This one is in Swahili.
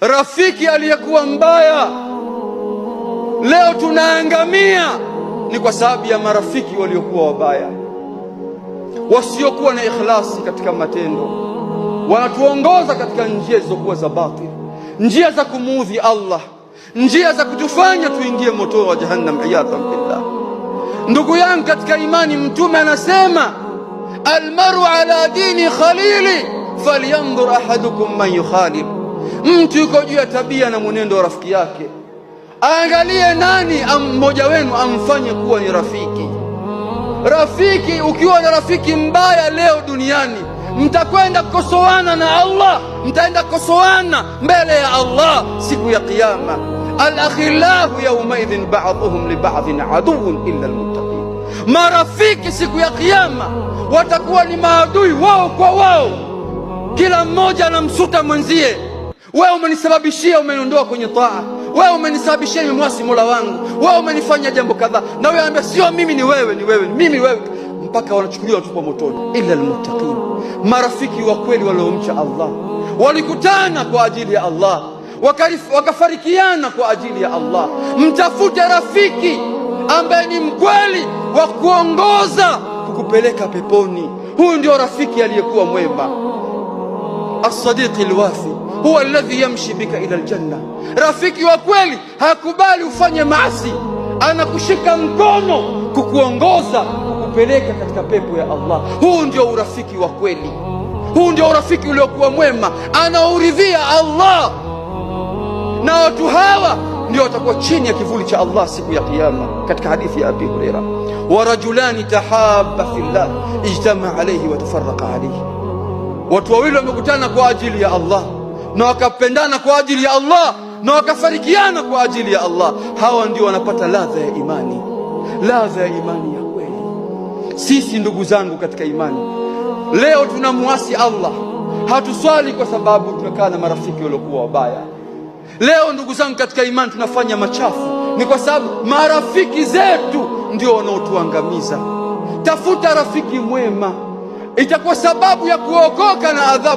rafiki aliyekuwa mbaya, leo tunaangamia ni kwa sababu ya marafiki waliokuwa wabaya, wasiokuwa na ikhlasi katika matendo, wanatuongoza katika njia zilizokuwa za batil njia za kumuudhi Allah, njia za kutufanya tuingie moto wa jahannam, iyadhan billah. Ndugu yangu katika imani, Mtume anasema almaru ala dini khalili falyandhur ahadukum man yukhalib Mtu yuko juu ya tabia na mwenendo wa rafiki yake, aangalie nani mmoja wenu amfanye kuwa ni rafiki. Rafiki, ukiwa na rafiki mbaya leo duniani mtakwenda kukosoana na Allah, mtaenda kukosoana mbele ya Allah siku ya Kiyama. Alakhilahu yaumaidhin baduhum libadhin aduun illa lmuttaqin, marafiki siku ya Kiyama watakuwa ni maadui wao kwa wao, kila mmoja anamsuta mwenzie. Wewe umenisababishia, umeniondoa kwenye taa. Wewe umenisababishia, nimemwasi Mola wangu. Wewe umenifanya jambo kadhaa, na wewe anambia sio mimi, ni wewe, ni wewe, mimi, wewe, mpaka wanachukuliwa watupwa motoni. Illa almuttaqin, marafiki wa kweli waliomcha Allah walikutana kwa ajili ya Allah, wakafarikiana kwa ajili ya Allah. Mtafute rafiki ambaye ni mkweli wa kuongoza kukupeleka peponi. Huyu ndio rafiki aliyekuwa mwema. As-sadiq huwa alladhi yamshi bika ila ljanna rafiki wa kweli hakubali ufanye maasi, anakushika mkono kukuongoza kukupeleka katika pepo ya Allah. Huu ndio urafiki wa kweli, huu ndio urafiki uliokuwa mwema, anauridhia Allah, na watu hawa ndio watakuwa chini ya kivuli cha Allah siku ya Kiyama, katika hadithi ya Abi Huraira, wa rajulani tahaba fillah ijtama alayhi wa tafarraqa alayhi Watu wawili wamekutana kwa ajili ya Allah na wakapendana kwa ajili ya Allah na wakafarikiana kwa ajili ya Allah. Hawa ndio wanapata ladha ya imani, ladha ya imani ya kweli. Sisi ndugu zangu katika imani, leo tunamwasi Allah, hatuswali kwa sababu tumekaa na marafiki waliokuwa wabaya. Leo ndugu zangu katika imani, tunafanya machafu ni kwa sababu marafiki zetu ndio wanaotuangamiza. Tafuta rafiki mwema itakuwa sababu ya kuokoka na adhabu.